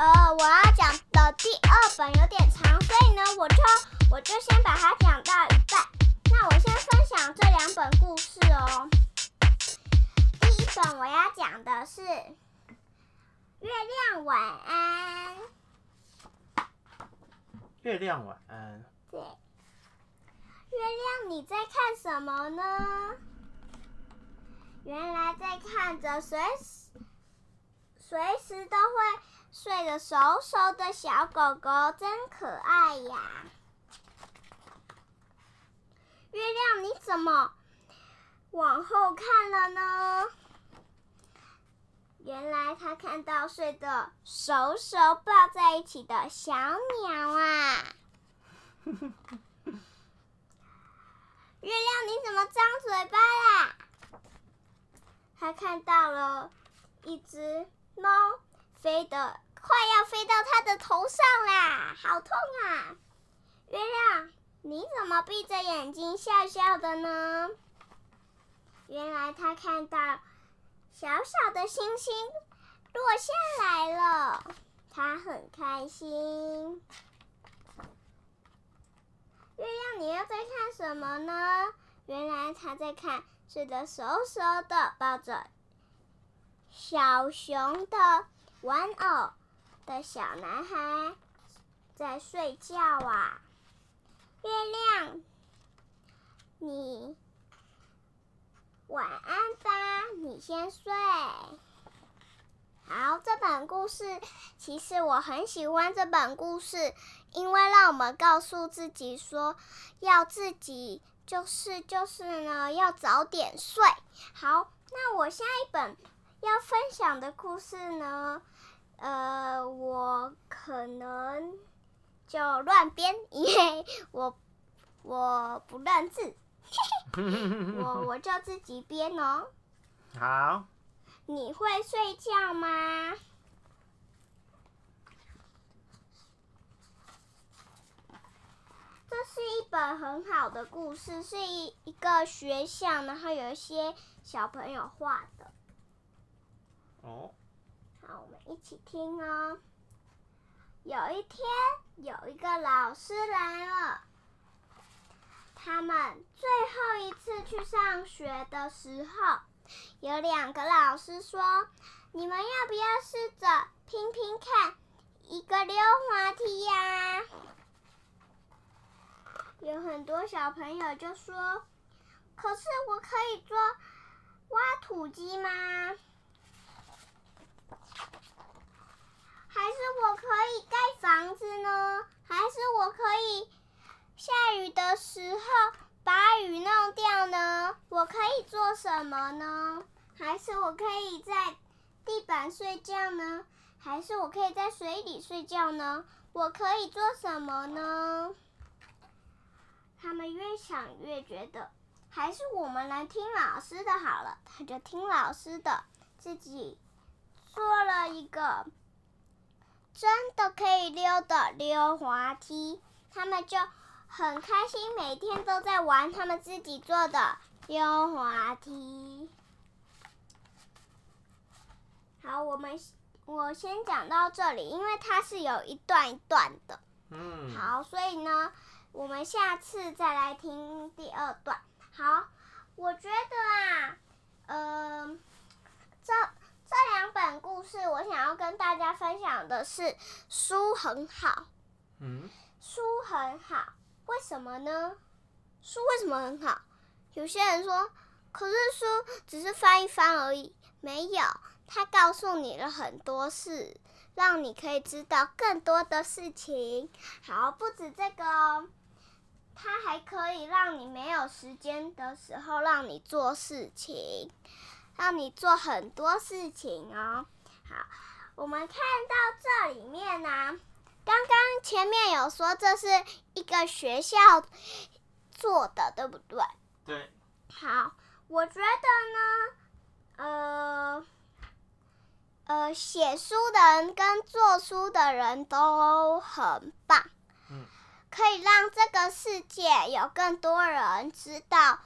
呃，我要講的第二本有點長，所以呢，我就我就先把它講到一半。那我先分享這兩本故事哦。第一本我要講的是《月亮晚安》。月亮晚安。對。月亮，你在看什麼呢？原來在看着隨時隨時都會。睡得熟熟的小狗狗真可愛呀！月亮，你怎麼往後看了呢？原來它看到睡得熟熟抱在一起的小鳥啊！ 月亮，你怎麼張嘴巴啦？它看到了。好痛啊！月亮，你怎麼閉着眼睛笑笑的呢？原來他看到小小的星星落下來了，他很開心。月亮，你又在看什麼呢？原來他在看睡得熟熟的抱着小熊的玩偶的小男孩。在睡覺啊，月亮，你晚安吧，你先睡。好，這本故事其實我很喜歡這本故事，因為讓我們告訴自己說要自己就是就是呢要早點睡。好，那我下一本要分享的故事呢，呃，我可能。就亂編，因為我我不認字， 我我就自己編哦、喔。好，你會睡覺嗎？這是一本很好的故事，是一一個學校，然後有一些小朋友畫的。哦，好，我們一起聽哦、喔。有一天，有一個老師來了。他們最後一次去上學的時候，有兩個老師說：“你們要不要試着拼拼看一個溜滑梯呀、啊？”有很多小朋友就說：“可是我可以做挖土機嗎？”什麼呢？還是我可以在地板睡覺呢？還是我可以在水裡睡覺呢？我可以做什麼呢？他們越想越覺得，還是我們來聽老師的好了。他就聽老師的，自己做了一個真的可以溜的溜滑梯。他們就很開心，每天都在玩他們自己做的。溜滑梯。好，我們我先講到這裡，因為它是有一段一段的。嗯。好，所以呢，我們下次再來聽第二段。好，我覺得啊，嗯、呃，這這兩本故事，我想要跟大家分享的是書很好。嗯。書很好，為什麼呢？書為什麼很好？有些人說，可是書只是翻一翻而已，沒有，他告訴你了很多事，讓你可以知道更多的事情。好，不止這個哦，它還可以讓你沒有時間的時候，讓你做事情，讓你做很多事情哦。好，我們看到這裡面呢、啊，剛剛前面有說這是一個學校做的，對不對？對，好，我覺得呢，呃，呃，寫書的人跟做書的人都很棒，嗯，可以讓這個世界有更多人知道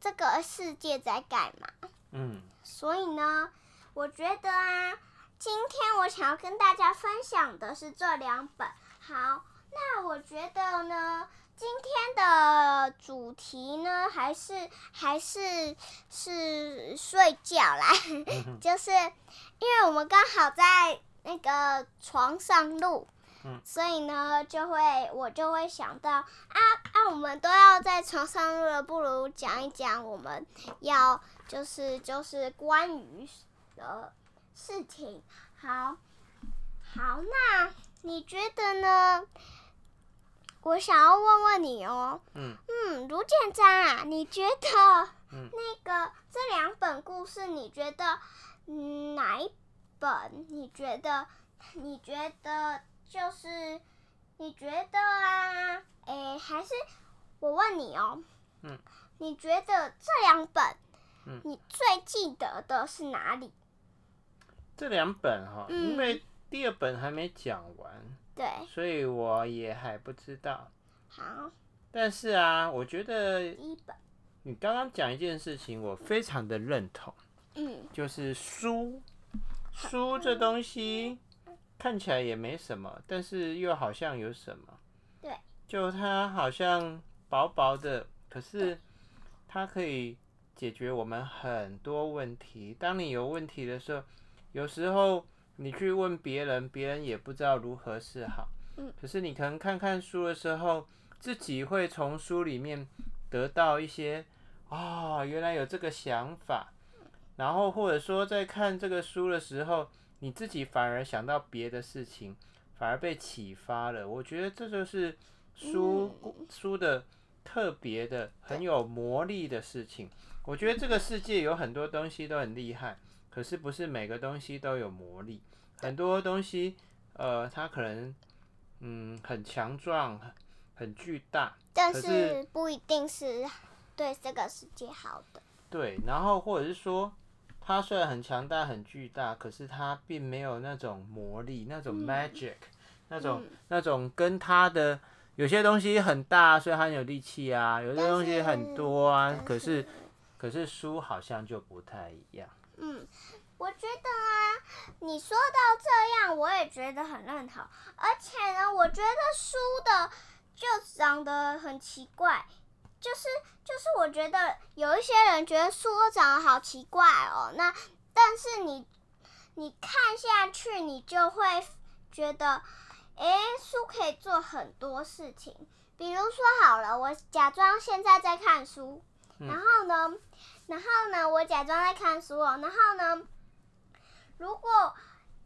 這個世界在幹嘛，嗯，所以呢，我覺得啊，今天我想要跟大家分享的是這兩本，好，那我覺得呢。今天的主題呢，還是還是是睡覺啦， 就是因為我們剛好在那個床上錄，嗯、所以呢，就會我就會想到啊啊，我們都要在床上錄了，不如講一講我們要就是就是關於的事情，好，好，那你覺得呢？我想要問問你哦、喔，嗯嗯，盧建章啊，你覺得，嗯、那個這兩本故事，你覺得，嗯，哪一本？你覺得？你覺得就是？你覺得啊？誒，還是我問你哦、喔，嗯，你覺得這兩本，嗯，你最記得的是哪裡？這兩本哈、喔，嗯、因為第二本還沒講完。對，所以我也還不知道。好，但是啊，我覺得，一本，你剛剛講一件事情，我非常的認同。嗯。就是書，書這東西看起來也沒什麼，但是又好像有什麼。對。就它好像薄薄的，可是它可以解決我們很多問題。當你有問題的時候，有時候。你去問別人，別人也不知道如何是好。可是你可能看看書的時候，自己會從書裡面得到一些啊，哦，原來有這個想法。然後或者說在看這個書的時候，你自己反而想到別的事情，反而被啟發了。我覺得這就是書，書的特別的、很有魔力的事情。我覺得這個世界有很多東西都很厲害。可是不是每個東西都有魔力，很多東西，呃，它可能，嗯，很強壯，很巨大，但是，是不一定是對這個世界好的。對，然後或者是說，它雖然很強大、很巨大，可是它並沒有那種魔力，那種 magic，嗯，那種，嗯，那種跟它的有些東西很大，所以它很有力氣啊，有些東西很多啊，是可是，是可是書好像就不太一樣。嗯，我覺得啊，你說到這樣，我也覺得很認同。而且呢，我覺得書的就長得很奇怪，就是就是，我覺得有一些人覺得書都長得好奇怪哦。那但是你你看下去，你就會覺得，誒、欸，書可以做很多事情。比如說好了，我假裝現在在看書，嗯、然後呢？然後呢，我假裝在看書，然後呢，如果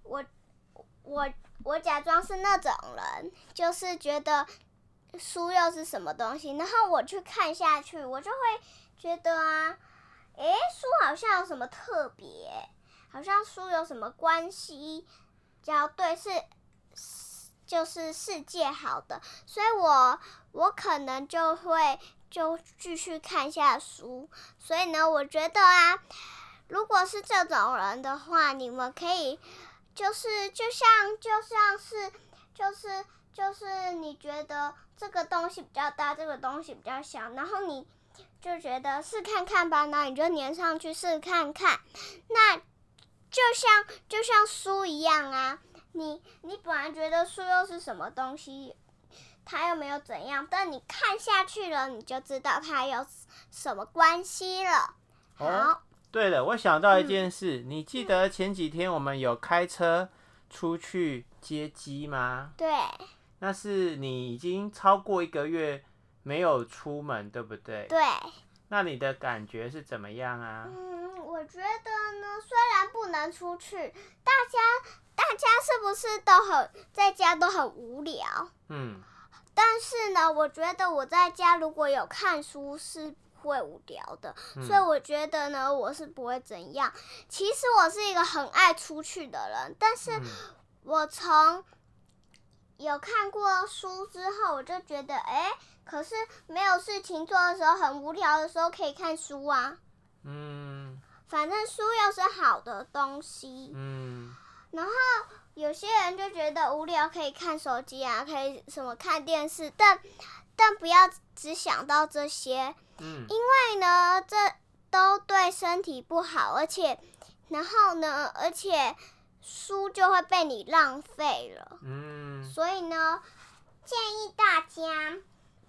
我我我假裝是那種人，就是覺得書又是什麼東西，然後我去看下去，我就會覺得啊，誒，書好像有什麼特別，好像書有什麼關係，只要對是，是就是世界好的，所以我。我可能就會就繼續看一下書，所以呢，我覺得啊，如果是這種人的話，你們可以就是就像就像是就是就是你覺得這個東西比較大，這個東西比較小，然後你就覺得試看看吧，那你就粘上去試看看，那就像就像書一樣啊，你你本來覺得書又是什麼東西？他又沒有怎樣，但你看下去了，你就知道他有什麼關係了。好。哦，對了，我想到一件事，嗯，你記得前幾天我們有開車出去接機嗎？嗯。對。那是你已經超過一個月沒有出門，對不對？對。那你的感覺是怎麼樣啊？嗯，我覺得呢，雖然不能出去，大家大家是不是都很，在家都很無聊？嗯。但是呢，我覺得我在家如果有看書是不會無聊的，嗯、所以我覺得呢，我是不會怎樣。其實我是一個很愛出去的人，但是，我從有看過書之後，我就覺得，哎、欸，可是沒有事情做的時候，很無聊的時候可以看書啊。嗯。反正書又是好的東西。嗯。然後。有些人就覺得無聊，可以看手機啊，可以什麼看電視，但但不要只想到這些，嗯，因為呢，這都對身體不好，而且，然後呢，而且書就會被你浪費了，嗯，所以呢，建議大家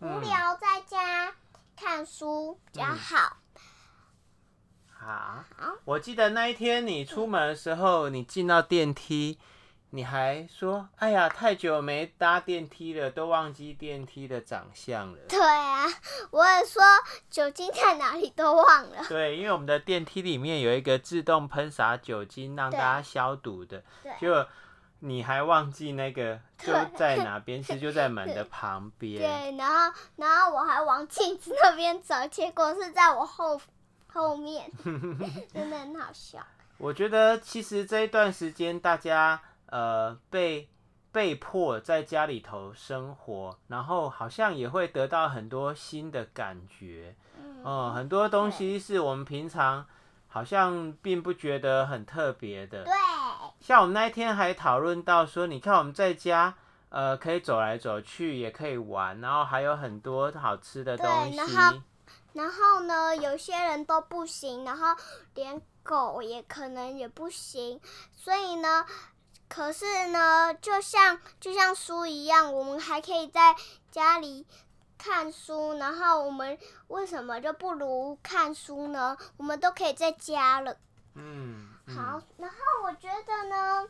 無聊在家看書比較好。嗯，嗯，好，好，我記得那一天你出門的時候，你進到電梯。嗯你還說，哎呀，太久沒搭電梯了，都忘記電梯的長相了。對啊，我也說酒精在哪裡都忘了。對，因為我們的電梯裡面有一個自動噴灑酒精讓大家消毒的，對，就結果，對，你還忘記那個就在哪邊，其實對了，就在門的旁邊。對，然後然後我還往鏡子那邊走，結果是在我後後面， 真的很好笑。我覺得其實這一段時間大家。呃，被被迫在家裡頭生活，然後好像也會得到很多新的感覺，嗯、呃，很多東西是我們平常好像並不覺得很特別的。對，像我們那一天還討論到說，你看我們在家，呃，可以走來走去，也可以玩，然後還有很多好吃的東西。對，然後，然後呢，有些人都不行，然後連狗也可能也不行，所以呢。可是呢，就像就像書一樣，我們還可以在家裡看書。然後我們為什麼就不如看書呢？我們都可以在家了。嗯。嗯。好，然後我覺得呢，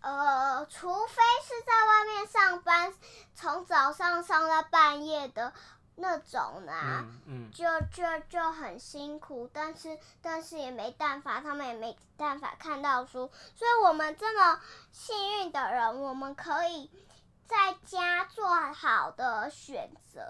呃，除非是在外面上班，從早上上到半夜的。那種啊，嗯嗯，就就就很辛苦，但是但是也沒辦法，他們也沒辦法看到書，所以我們這麼幸運的人，我們可以在家做好的選擇，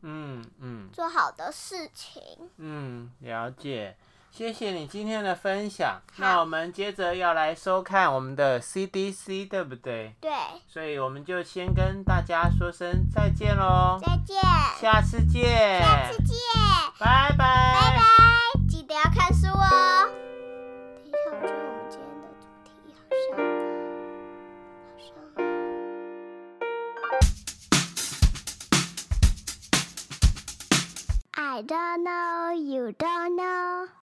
嗯，嗯嗯，做好的事情，嗯，了解。謝謝你今天的分享，好那我們接着要來收看我們的 CDC，對不對？對。所以我們就先跟大家說聲再見嘍。再見。再見。下次見。下次見。拜拜 bye。拜拜，記得要看書哦。等一下，我覺得我們今天的主題好像好像。I don't know, you don't know.